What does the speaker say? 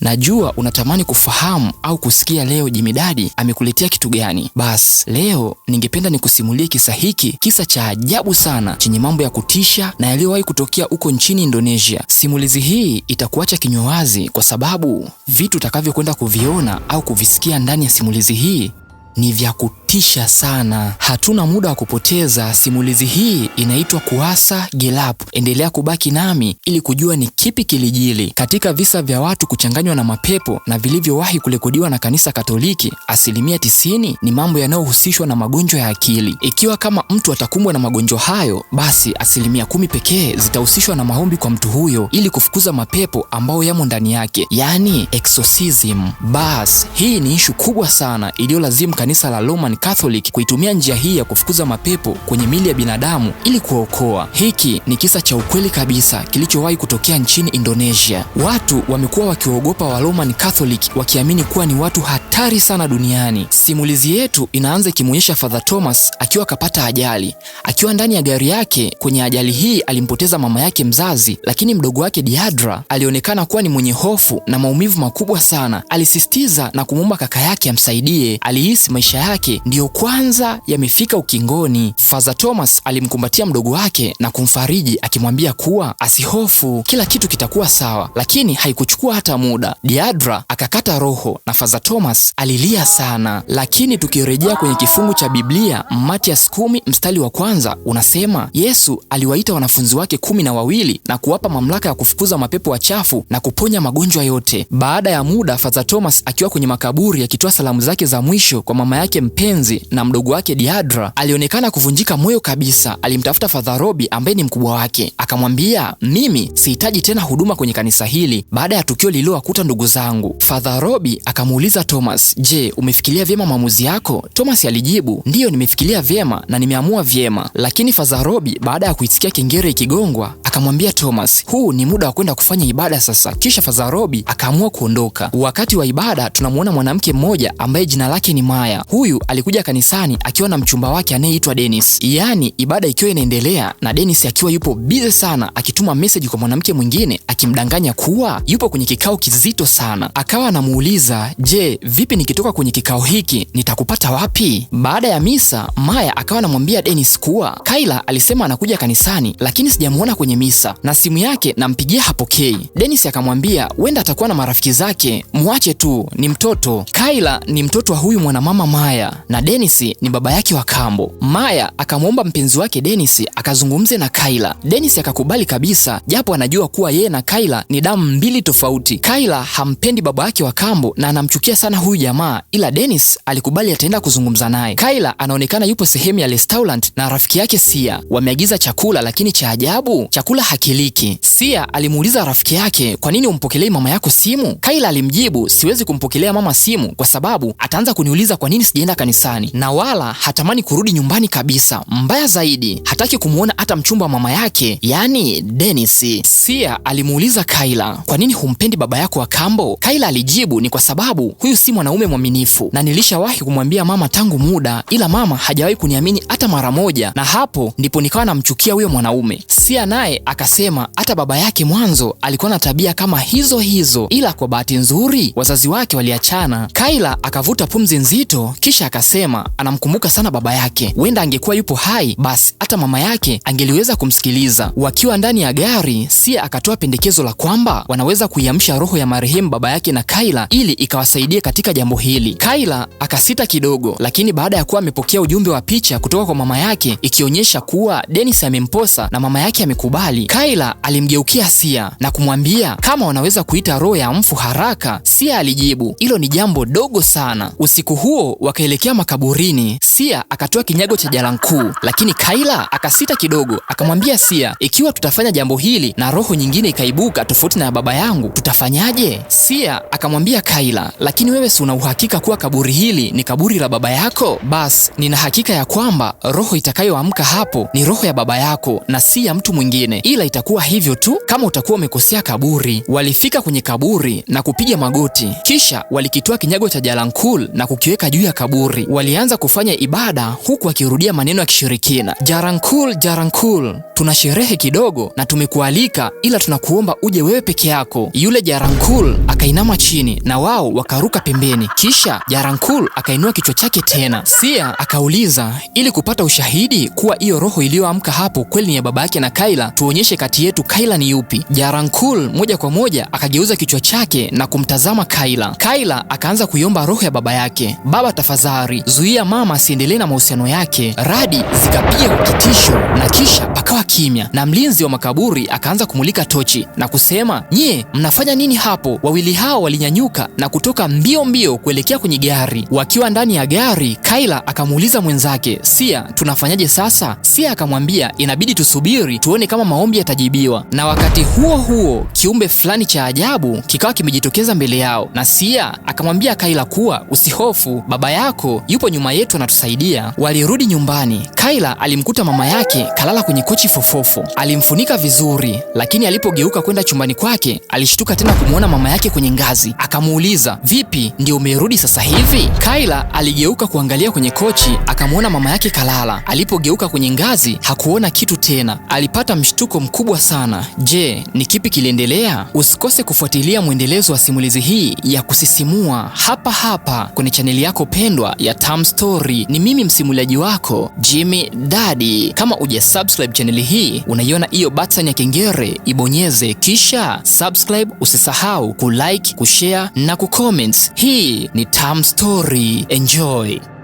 Najua unatamani kufahamu au kusikia leo jimidadi amekuletea kitu gani. Basi leo ningependa nikusimulie kisa hiki, kisa cha ajabu sana chenye mambo ya kutisha na yaliyowahi kutokea huko nchini Indonesia. Simulizi hii itakuacha kinywa wazi, kwa sababu vitu utakavyokwenda kuviona au kuvisikia ndani ya simulizi hii ni vya kutisha inasikitisha sana. Hatuna muda wa kupoteza. Simulizi hii inaitwa kuasa Gelap. Endelea kubaki nami ili kujua ni kipi kilijili katika visa vya watu kuchanganywa na mapepo na vilivyowahi kurekodiwa na kanisa Katoliki. Asilimia 90 ni mambo yanayohusishwa na magonjwa ya akili. Ikiwa kama mtu atakumbwa na magonjwa hayo, basi asilimia kumi pekee zitahusishwa na maombi kwa mtu huyo ili kufukuza mapepo ambayo yamo ndani yake, yaani exorcism. Bas, hii ni ishu kubwa sana iliyolazimu kanisa la Roman Catholic kuitumia njia hii ya kufukuza mapepo kwenye mili ya binadamu ili kuokoa. Hiki ni kisa cha ukweli kabisa kilichowahi kutokea nchini Indonesia. Watu wamekuwa wakiogopa wa Roman Catholic wakiamini kuwa ni watu hatari sana duniani. Simulizi yetu inaanza ikimwonyesha Father Thomas akiwa akapata ajali akiwa ndani ya gari yake. Kwenye ajali hii alimpoteza mama yake mzazi, lakini mdogo wake Diadra alionekana kuwa ni mwenye hofu na maumivu makubwa sana. Alisisitiza na kumwomba kaka yake amsaidie. Alihisi maisha yake ndiyo kwanza yamefika ukingoni, Father Thomas alimkumbatia mdogo wake na kumfariji akimwambia kuwa asihofu, kila kitu kitakuwa sawa. Lakini haikuchukua hata muda, Diadra akakata roho na Father Thomas alilia sana. Lakini tukirejea kwenye kifungu cha Biblia, Matias kumi mstari wa kwanza unasema Yesu aliwaita wanafunzi wake kumi na wawili na kuwapa mamlaka ya kufukuza mapepo wachafu na kuponya magonjwa yote. Baada ya muda, Father Thomas akiwa kwenye makaburi akitoa salamu zake za mwisho kwa mama yake mpenzi mapenzi na mdogo wake diadra alionekana kuvunjika moyo kabisa. Alimtafuta Father Robi ambaye ni mkubwa wake, akamwambia mimi sihitaji tena huduma kwenye kanisa hili baada ya tukio lililowakuta ndugu zangu. Father Robi akamuuliza Thomas, je, umefikiria vyema maamuzi yako? Thomas alijibu ndiyo, nimefikiria vyema na nimeamua vyema. Lakini Father Robi baada ya kuisikia kengere ikigongwa akamwambia Thomas, huu ni muda wa kwenda kufanya ibada sasa. Kisha Father Robi akaamua kuondoka. Wakati wa ibada tunamuona mwanamke mmoja ambaye jina lake ni Maya. Huyu alikuwa alikuja kanisani akiwa na mchumba wake anayeitwa Dennis. Yaani ibada ikiwa inaendelea na Dennis akiwa yupo bize sana akituma message kwa mwanamke mwingine akimdanganya kuwa yupo kwenye kikao kizito sana. Akawa anamuuliza, "Je, vipi nikitoka kwenye kikao hiki nitakupata wapi?" Baada ya misa, Maya akawa anamwambia Dennis kuwa Kyla alisema anakuja kanisani lakini sijamuona kwenye misa na simu yake nampigia hapokei. Dennis akamwambia, "Wenda atakuwa na marafiki zake, muache tu, ni mtoto." Kyla ni mtoto wa huyu mwanamama Maya na na Dennis ni baba yake wa kambo. Maya akamwomba mpenzi wake Dennis akazungumze na kaila Dennis akakubali kabisa, japo anajua kuwa yeye na kaila ni damu mbili tofauti. kaila hampendi baba yake wa kambo na anamchukia sana huyu jamaa, ila Dennis alikubali ataenda kuzungumza naye. kaila anaonekana yupo sehemu ya restaurant na rafiki yake Sia. Wameagiza chakula, lakini cha ajabu chakula hakiliki. Sia alimuuliza rafiki yake, kwa nini umpokelei mama yako simu? Kaila alimjibu, siwezi kumpokelea mama simu kwa sababu ataanza kuniuliza kwa nini sijaenda kanisa mtaani na wala hatamani kurudi nyumbani kabisa. Mbaya zaidi, hataki kumwona hata mchumba wa mama yake, yaani Dennis. Sia alimuuliza Kaila, kwa nini humpendi baba yako wa kambo? Kaila alijibu, ni kwa sababu huyu si mwanaume mwaminifu na nilishawahi kumwambia mama tangu muda, ila mama hajawahi kuniamini hata mara moja, na hapo ndipo nikawa namchukia huyo mwanaume. Sia naye akasema hata baba yake mwanzo alikuwa na tabia kama hizo hizo, ila kwa bahati nzuri wazazi wake waliachana. Kaila akavuta pumzi nzito, kisha akasema anasema anamkumbuka sana baba yake, huenda angekuwa yupo hai, basi hata mama yake angeliweza kumsikiliza. Wakiwa ndani ya gari, Sia akatoa pendekezo la kwamba wanaweza kuiamsha roho ya marehemu baba yake na Kaila ili ikawasaidia katika jambo hili. Kaila akasita kidogo, lakini baada ya kuwa amepokea ujumbe wa picha kutoka kwa mama yake ikionyesha kuwa Dennis amemposa na mama yake amekubali, Kaila alimgeukia Sia na kumwambia kama wanaweza kuita roho ya mfu haraka. Sia alijibu, hilo ni jambo dogo sana. Usiku huo wakaelekea makaburini. Sia akatoa kinyago cha jala mkuu, lakini Kaila akasita kidogo, akamwambia Sia, ikiwa tutafanya jambo hili na roho nyingine ikaibuka tofauti na baba yangu, tutafanyaje? Sia akamwambia Kaila, lakini wewe si una uhakika kuwa kaburi hili ni kaburi la baba yako? Basi nina hakika ya kwamba roho itakayoamka hapo ni roho ya baba yako na si ya mtu mwingine, ila itakuwa hivyo tu kama utakuwa umekosea kaburi. Walifika kwenye kaburi na kupiga magoti, kisha walikitoa kinyago cha Jalankul na kukiweka juu ya kaburi walianza kufanya ibada huku wakirudia maneno ya kishirikina, Jarankul, Jarankul, tuna sherehe kidogo na tumekualika, ila tunakuomba uje wewe peke yako. Yule Jarankul akainama chini na wao wakaruka pembeni, kisha Jarankul akainua kichwa chake tena. Sia akauliza ili kupata ushahidi kuwa hiyo roho iliyoamka hapo kweli ni ya baba yake na Kaila, tuonyeshe kati yetu Kaila ni yupi? Jarankul moja kwa moja akageuza kichwa chake na kumtazama Kaila. Kaila akaanza kuiomba roho ya baba yake, baba tafadhali shauri zuia mama asiendelee na mahusiano yake. Radi zikapiga kwa kitisho na kisha pakawa kimya, na mlinzi wa makaburi akaanza kumulika tochi na kusema, nyie mnafanya nini hapo? Wawili hao walinyanyuka na kutoka mbio mbio kuelekea kwenye gari. Wakiwa ndani ya gari, Kaila akamuuliza mwenzake Sia, tunafanyaje sasa? Sia akamwambia inabidi tusubiri tuone kama maombi yatajibiwa. Na wakati huo huo kiumbe fulani cha ajabu kikawa kimejitokeza mbele yao, na Sia akamwambia Kaila kuwa usihofu, baba yako yupo nyuma yetu anatusaidia. Walirudi nyumbani, Kaila alimkuta mama yake kalala kwenye kochi fofofo. Alimfunika vizuri, lakini alipogeuka kwenda chumbani kwake alishtuka tena kumwona mama yake kwenye ngazi. Akamuuliza, vipi, ndio umerudi sasa hivi? Kaila aligeuka kuangalia kwenye kochi, akamwona mama yake kalala. Alipogeuka kwenye ngazi hakuona kitu tena, alipata mshtuko mkubwa sana. Je, ni kipi kiliendelea? Usikose kufuatilia mwendelezo wa simulizi hii ya kusisimua hapa hapa kwenye chaneli yako pendwa ya Tam Story. Ni mimi msimuliaji wako Jimmy Dadi. Kama uja subscribe chaneli hii, unaiona hiyo button ya kengere, ibonyeze kisha subscribe. Usisahau kulike, kushare na kucomment. Hii ni Tam Story, enjoy.